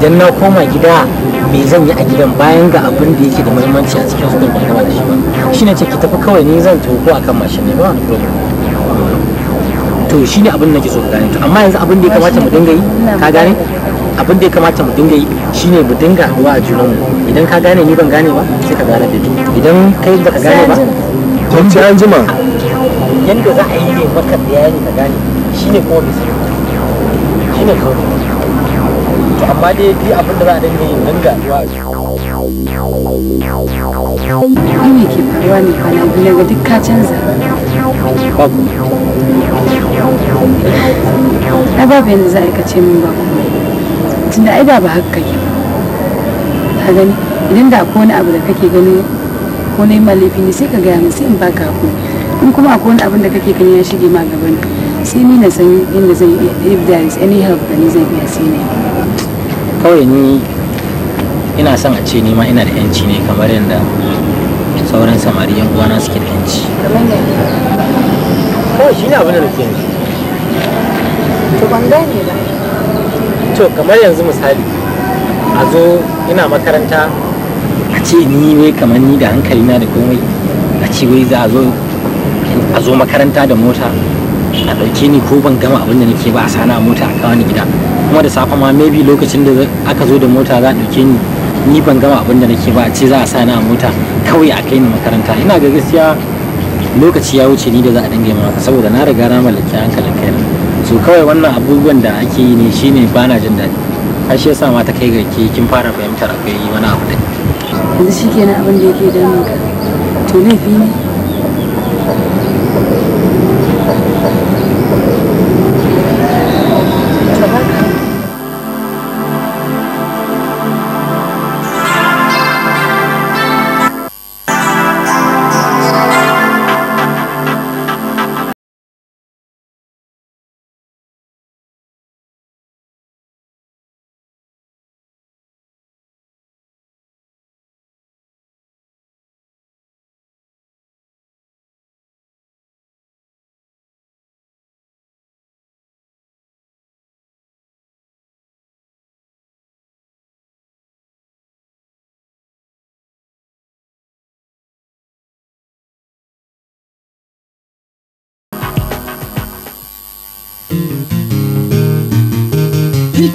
idan na koma gida me zan yi a gidan bayan ga abin da yake da muhimmanci a cikin sukun da gaba da shi ba shi ne ce ki tafi kawai ni zan toko akan mashin ne ba wani problem to shi ne abin da nake so gane to amma yanzu abin da ya kamata mu dinga yi ka gane abin da ya kamata mu dinga yi shine mu dinga haɗuwa a junanmu idan ka gane ni ban gane ba sai ka gane da idan kai ba ka gane ba to sai an jima yanda za a yi ne maka bayani ka gane shine kuma bai shi shine kawai amma dai bi abin da za a dinga yin dinga zuwa Ni me ke faruwa ne kwana biyu na ga duk ka canza. Babu. Ai babu yadda za a aikace min ba. tun Tunda ai ba haka kake. Ka gani idan da akwai wani abu da kake gani ko na yi malafi ne sai ka gaya min sai in baka hakuri. In kuma akwai wani abin da kake gani ya shige ma gaban sai ni na san yadda zai iya if there is any help da ni zan iya sai na kawai ni ina son a ce ni ma ina da yanci ne kamar yadda sauran samari yan uwana suke da yanci kawai shi ne abin da nake to ban gane ba to kamar yanzu misali a zo ina makaranta a ce ni wai kamar ni da hankali na da komai a ce wai za a zo a zo makaranta da mota a ɗauke ni ko ban gama abin da nake ba a sana mota a kawo ni gida kuma da safe ma maybe lokacin da ka zo da mota za a ɗauke ni ni ban gama abin da nake ba a ce za a sa ni a mota kawai a kai ni makaranta ina ga gaskiya lokaci ya wuce ni da za a dinga maka saboda na riga na mallaki hankalin kai so kawai wannan abubuwan da ake yi ne shine ba na jin daɗi har shi yasa ma ta kai ga ke kin fara fahimtar akwai yi wani abu da yanzu shikenan abin da yake damun ka to laifi ne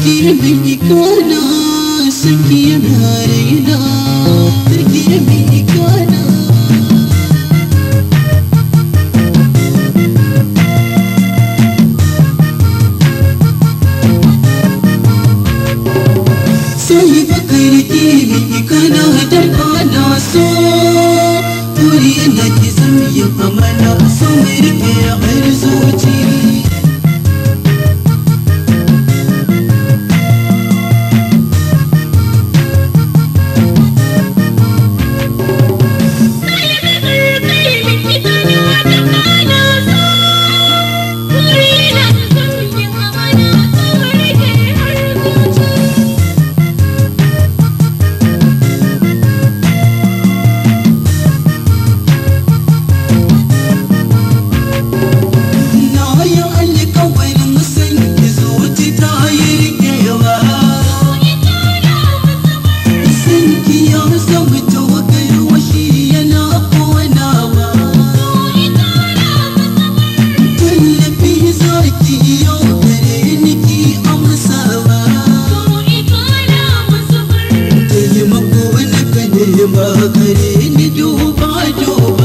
تركيبي كان سكي نارينا تركيبي كان سيب قرتيبي كان تركانا سو قولي أنا تسمي أمانا سمر في عين ظهري نجوم عجوبة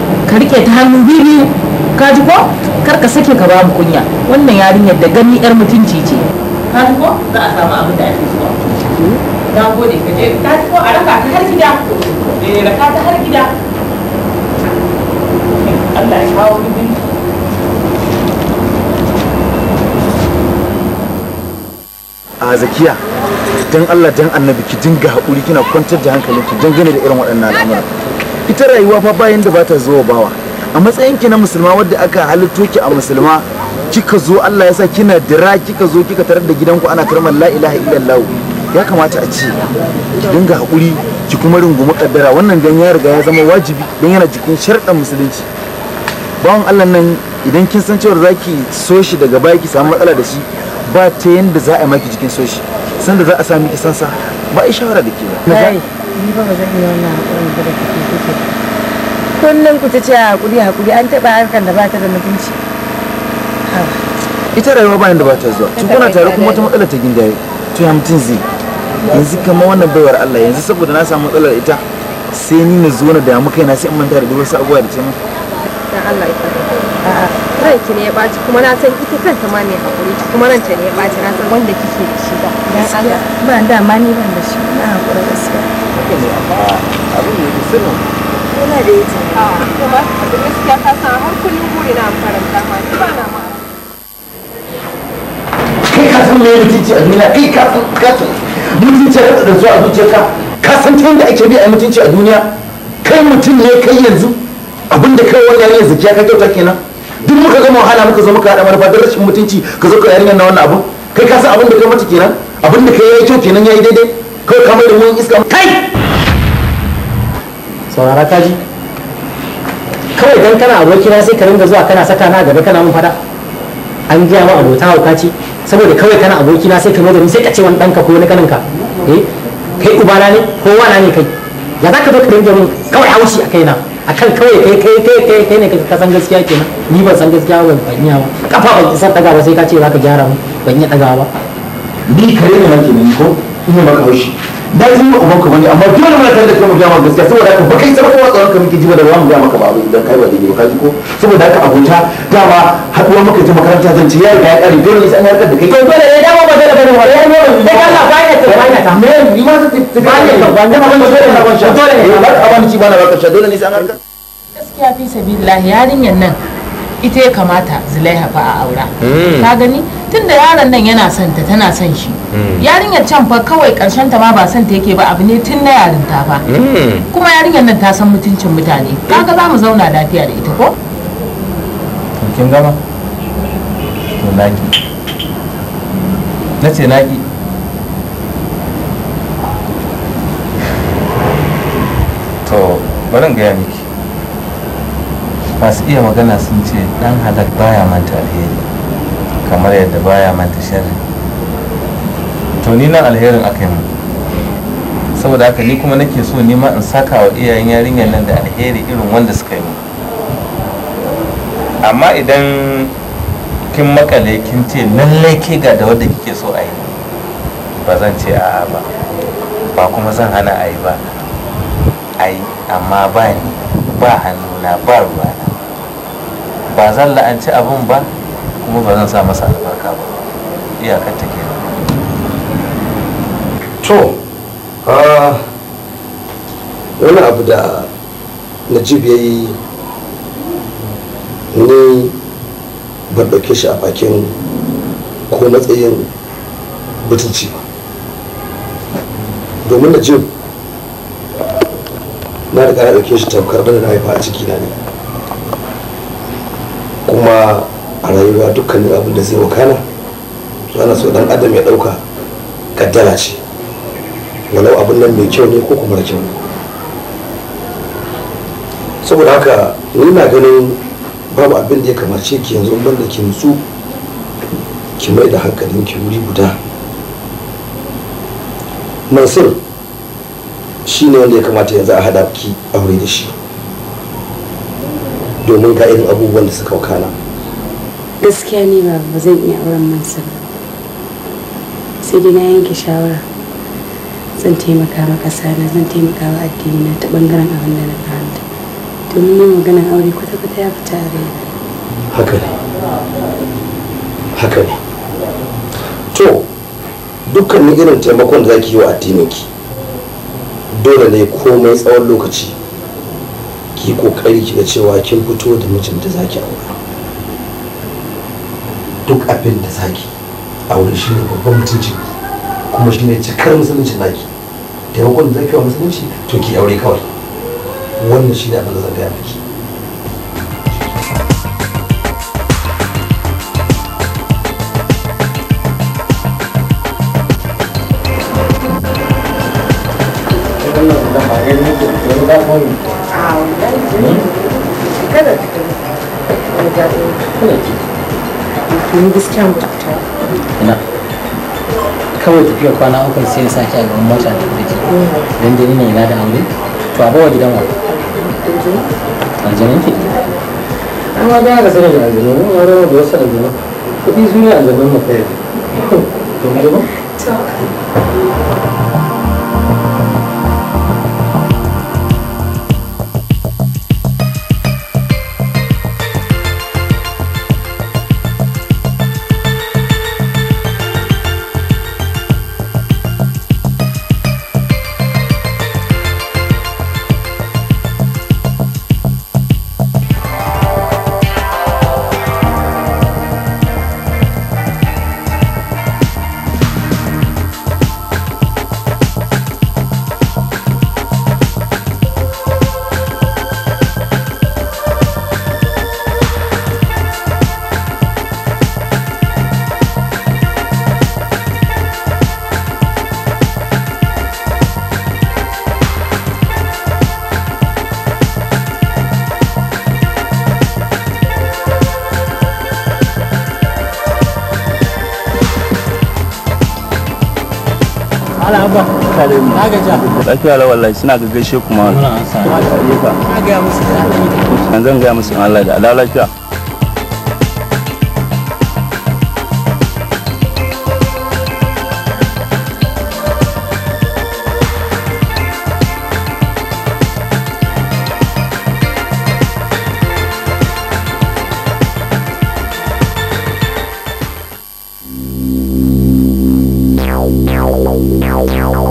ka rike ta hannu biyu ka ji ko kar ka sake ka babu kunya wannan yarinyar da gani yar mutunci ce ka ji ko za a samu abin da ake zuwa na gode ka je ka ji ko a raka ta har gida eh raka ta har gida Allah ya kawo gidi a zakiya don Allah don annabi ki dinga haƙuri kina kwantar da hankalinki dangane da irin waɗannan al'amuran ita rayuwa fa bayan da ba ta zuwa bawa a matsayin ki na musulma wadda aka halitto ki a musulma kika zo Allah ya sa kina dira kika zo kika tarar da gidanku ana karman la ilaha illallah ya kamata a ce ki dinga hakuri ki kuma rungumi kaddara wannan dan ya riga ya zama wajibi dan yana jikin sharɗan musulunci bawan Allah nan idan kin san cewa zaki so shi daga baya ki samu matsala da shi ba ta yanda za a maki jikin so shi sanda za a sami ki sansa ba ai shawara da ke ba ni ba zan iya wannan haƙurin ba da kake kike kullum ku ta ce a ah, haƙuri haƙuri an taɓa harkar da ba ta da mutunci ita rayuwa bayan da ba ta zuwa tun kuna tare kuma wata matsala ta gindaye to ya mutum zai yanzu kamar wannan baiwar Allah yanzu saboda na samu matsalar ita sai ni na zo na damu kaina sai in manta da wasu abubuwa da ce mun dan Allah ya a'a ranki ne ya baci kuma na san ita kanta ma ne hakuri kuma ranta ne ya baci na san wanda kike da shi ba dan Allah ba da ni ban da shi na hakuri gaskiya ne amma abin da yake sirrin yana da yake kuma ah, da gaskiya ka san har kullum buri na karanta ma ni ba na ma kai ka san me mutunci a duniya kai ka san ka san mutunci da zuwa zuciyarka ka san ta yadda ake bi a mutunci a duniya kai mutum ne kai yanzu abinda da kai wannan yanzu ya ka kyauta kenan duk muka gama wahala muka zo muka haɗa manufa don rashin mutunci ka zo ka yarinyar na wannan abu kai ka san abin kai mace kenan abinda kai ya yi kyau kenan ya yi daidai kawai kamar da mun iska kai saurara ka ji kawai dan kana abokina sai ka ringa zuwa kana saka na gaba kana mun fada an gaya ma abota hauka ce saboda kawai kana abokina sai ka ni sai ka ce wani ɗanka ko wani kaninka eh kai ubana ne ko wana ne kai ya za ka zo ka ringa mun kawai haushi a kaina kan kawai kai kai kai kai kai ne ka san gaskiya kenan ni ban san gaskiya ban fanya ba kafa ban san daga ba sai ka ce za ka gyara mu ban yi daga ba ni kare ne nake ne ko ina maka haushi na yi wa ubanka bane amma dole muna tare da kai mu gaya maka gaskiya saboda haka baka yi sarko wa tsaron ka muke jiba ba da mu gaya maka ba abin idan kai ba daidai ba ka ji ko saboda haka abota dama haɗuwar muka je makaranta zan ce yayi riga ya ƙare dole ne sai an yarda da kai to dole ne dama ba dole bane wala ya ne da Allah ba ya ta ba ya ta me ni ma ta ba ya ta ba dama ba dole ne ba dole ne ba bana ba ka baka sha dole ne sai an yarda gaskiya fi sabilillah yarinyar nan ita ya kamata zulaiha fa a aura hmm. ka gani tunda yaron nan yana son ta tana son shi hmm. yarinyar can fa kawai karshen ta ma ba son ta yake ba abu ne tun na yarinta fa hmm. kuma yarinyar nan ta san mutuncin mutane kaga za mu zauna lafiya da ita ko kin gama to naki na naki to bari in gaya miki masu iya magana sun ce dan halak baya manta alheri kamar yadda baya manta sharri to ni nan alherin aka yi saboda haka ni kuma nake so nima in saka wa iyayen yarinyar nan da alheri irin wanda suka yi amma idan kin makale kin ce lallai ke ga da wadda kike so a yi ba zan ce a'a ba ba kuma zan hana a yi ba a yi amma ba ni ba hannuna ba ruwa ba zan la'anci abin ba kuma ba zan sa masa albarka ba iyakar ta ke to wani abu da najib ya yi ni ban ɗauke shi a bakin ko matsayin mutunci ba domin najib na riga na ɗauke shi tamkar da na haifa a ciki na ne kuma a rayuwa dukkanin abin da zai wakana to ana so dan adam ya dauka kaddara ce walau abin nan mai kyau ne ko kuma da kyau saboda haka ni na ganin babu abin da ya kamace ki yanzu ban da ki nutsu ki mai da hankalin ki wuri guda mansur shi ne wanda ya kamata yanzu a hada ki aure da shi domin ga irin abubuwan da suka wakana gaskiya ne ba ba zan iya auren mansa ba sai dai na yanke shawara zan taimaka ma ƙasa na zan taimaka wa addini na ta bangaren abin da na fahimta domin yin maganar aure kwata-kwata ya fita a rai haka ne haka ne to dukkanin irin taimakon da za ki yi wa addininki dole ne komai tsawon lokaci ki kokari ga cewa kin fito da mijin da zaki aure, duk abin da zaki aure shi ne babban mutunci kuma shi ne cikar musulunci naki taimakon da zaki wa musulunci to ki aure kawai wannan shi ne abin da zan gaya miki Thank you. kada ki tafi gaskiya mu tafi ina kawai tafiyar kwana uku sai ya sake a gaban mota da kudi dan jini ne yana da aure to a gidan wa aljanin ki amma da ga sanin aljanu mun ga da wasu aljanu kudi su ne aljanun mu kai to mu ba sare mu na gaja lafiya la wallahi suna ga kuma na ga musu da zan gaya musu Allah da lafiya Meow, meow, meow.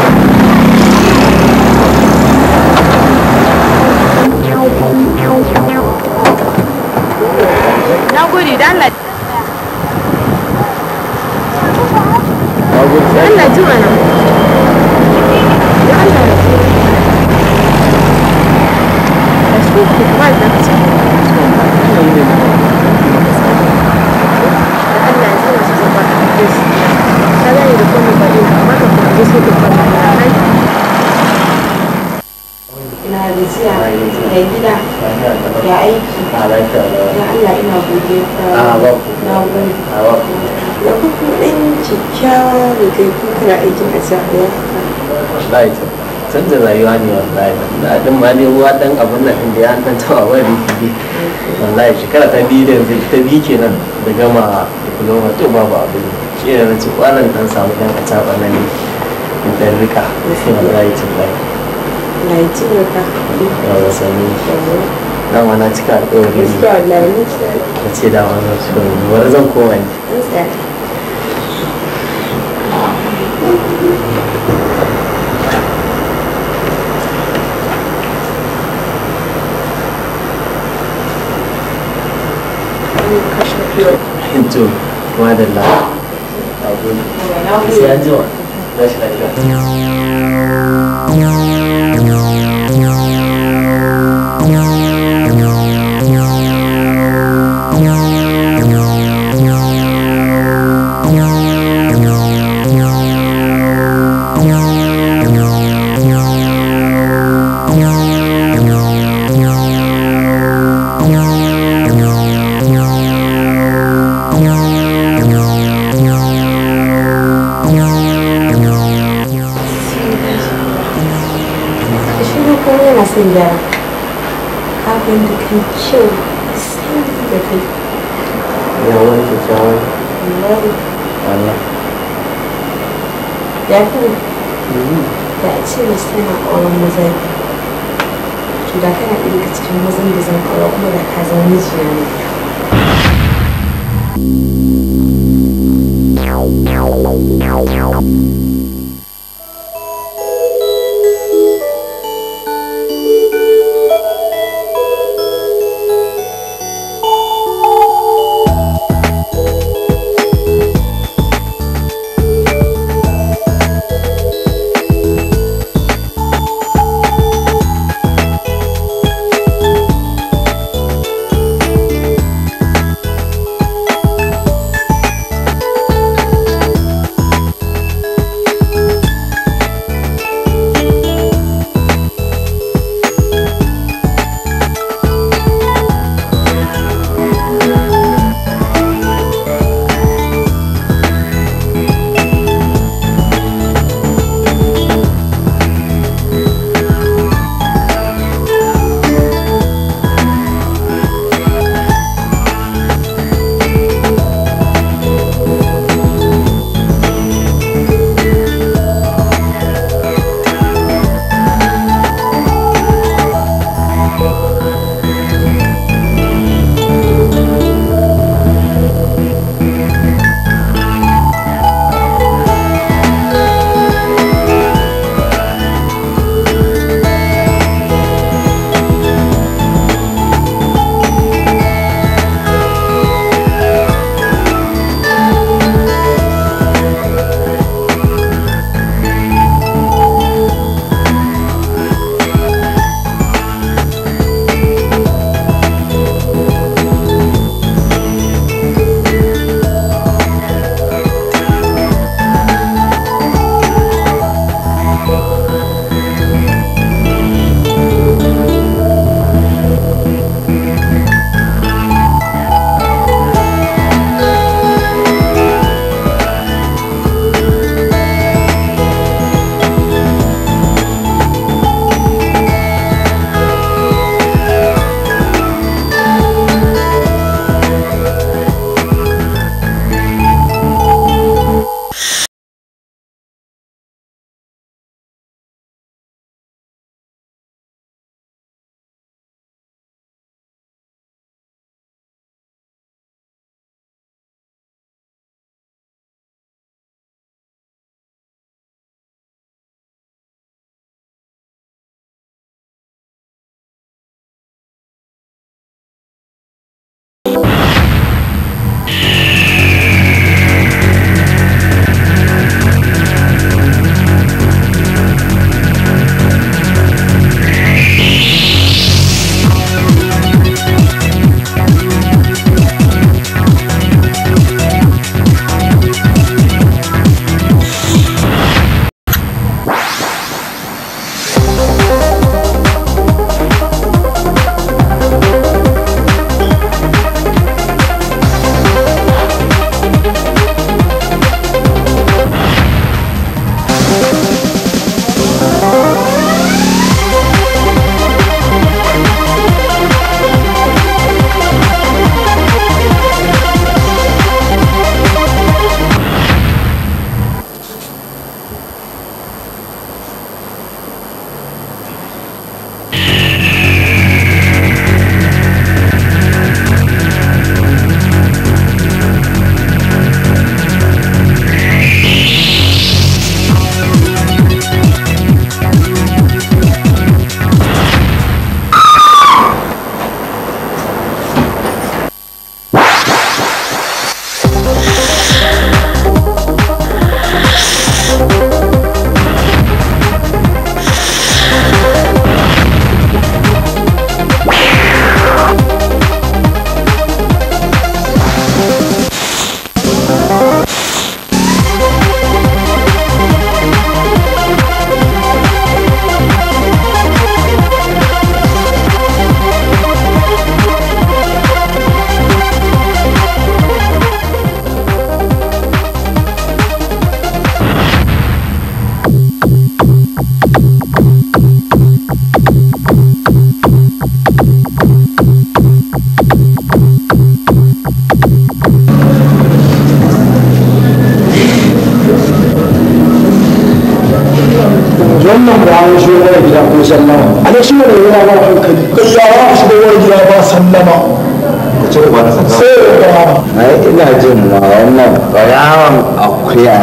gajiya Allah ina gode ka na gode kuku kyakkyawa da kai kuka aikin a canza rayuwa ne wallahi da ɗin ma ne ruwa ɗan abin nan inda ya dan taba wani rikidi wallahi shekara ta biyu da yanzu ta biyu kenan da gama diploma to babu abin shi ne na ci kwanan dan samu ɗan a taba nan ne dan rika wallahi na yi taimaka yawa sani dama na cika alƙawari ne na ce dama na so wani zan koma ne Hinto, madalla. Abu. Sai an jima. đây sẽ là chuyện I want Messenger show the control, sending the people. Yawan kyakkyawan. Allah. Ya kuma. Da a ce da of auren maza ne. To da kana ɗaya daga cikin mazan da zan aura kuma da ka zama mijiya ne.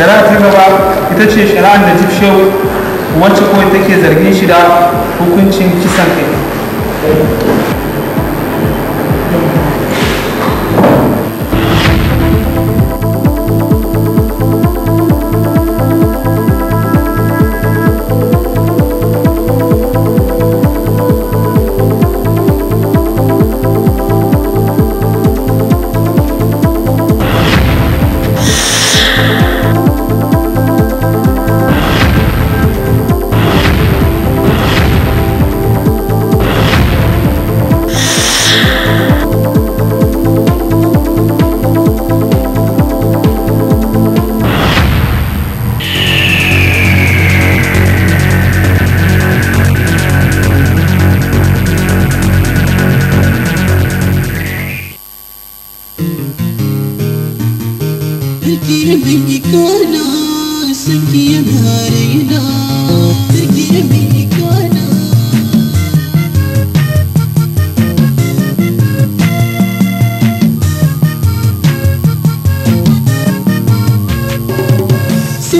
shari'a ta gaba ita ce shari'ar da jif shehu wacce kawai take zargin shi da hukuncin kisan kai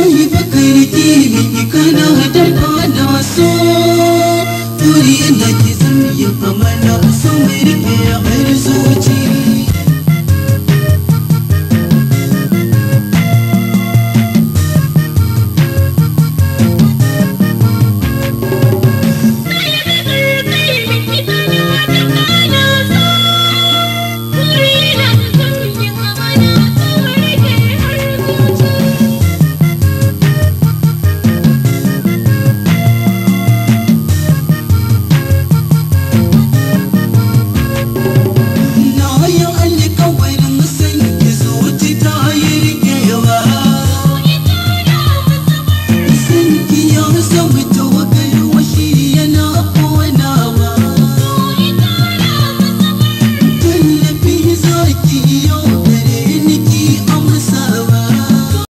yi bakari dili kana hatar kwana so turi yadda ke zama ya kama na so mai rike ya bayar zuwa cikin